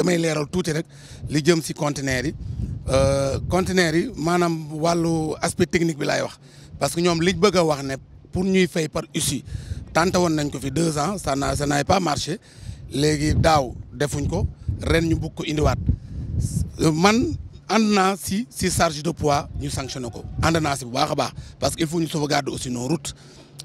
damay leral touti rek li jëm ci conteneur yi euh, conteneur yi manam walu aspect technique bi lay wax parce que ñom liñ bëgg wax ne pour ñuy fay par ici tante woon nañ ko fi 2 ans ça n'a ça n'a pas marché légui daw defuñ ko ren ñu bugg ko wat man ànd si si charge de poids ñu sanctionné ko ànd si bu baax baax parce que il faut ñu sauvegarder aussi nos routes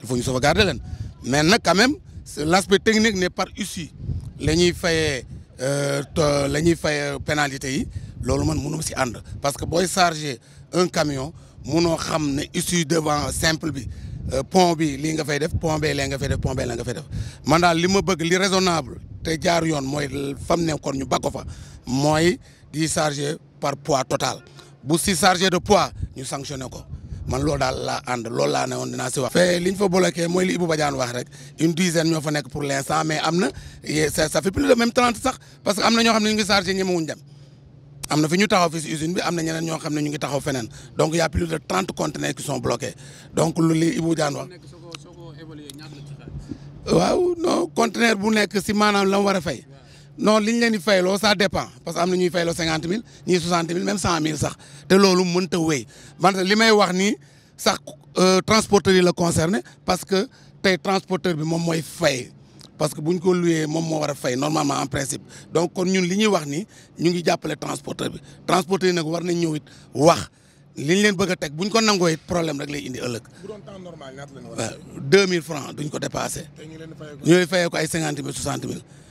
il faut ñu sauvegarder leen mais nak quand même l'aspect technique n'est par ici lañuy fayé euh, la ñuy fay euh, pénalité yi loolu man mënuma si ànd parce que booy charger un camion mënoo xam ne issue devant simple bi euh, pont bi lii nga fay def pont bee lee nga fay def pont bee la nga fay def man daal li ma bëgg li raisonnable te jaar yoon mooy fam ne kon ñu bakko fa mooy di charger par poids total bu si charger de poids ñu sanctionné ko man lo dal la and lo la ne woon dina ci wax. fait liñ ñu fa bloqué moy li Ibou badian wax rek une dizaine ñoo fa nekk pour l'instant mais amna ça ça fait plus de même 30 sax parce que amna ño xamni ñu ngi charger chargé ñemewuñ dem. amna na fi ñu taxaw fi si usine bi amna ñeneen ño xamni ñu ngi taxaw fenen donc y' a plus de 30 conteneurs qui sont bloqués donc lu li Ibou Badiane wax. waaw non conteneur bu nek ci manam la wara war a fay. Non, ce qu'on fait, ça dépend. Parce qu'on nous fait 50 000, ni 60 000, même 100 000. c'est ce qui peut faire. Ce que je dis, c'est que le transporteur est Parce que le transporteur, sont lui fait. Parce que si on l'a loué, normalement, en principe. Donc, ce nous faisons, c'est qu'on appelle le transporteur. Le transporteur doit venir nous Ce qu'on veut faire, si on l'a loué, c'est un problème. Pour un temps normal, 2 000 francs, on ne pas dépassé. Et faisons 50 000, 60 000.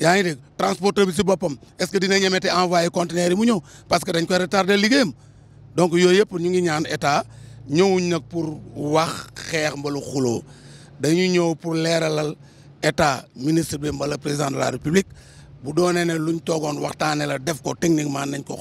y transporteur est-ce que dina ñemete envoyé conteneur yi parce que dañ retardé donc yooyu ñu ngi ñaan état ñëwuñ nag pour wax xeex mbalu xuloo dañu pour état ministre bi président de la république bu doonee ne luñ toogoon la def ko techniquement nañ ko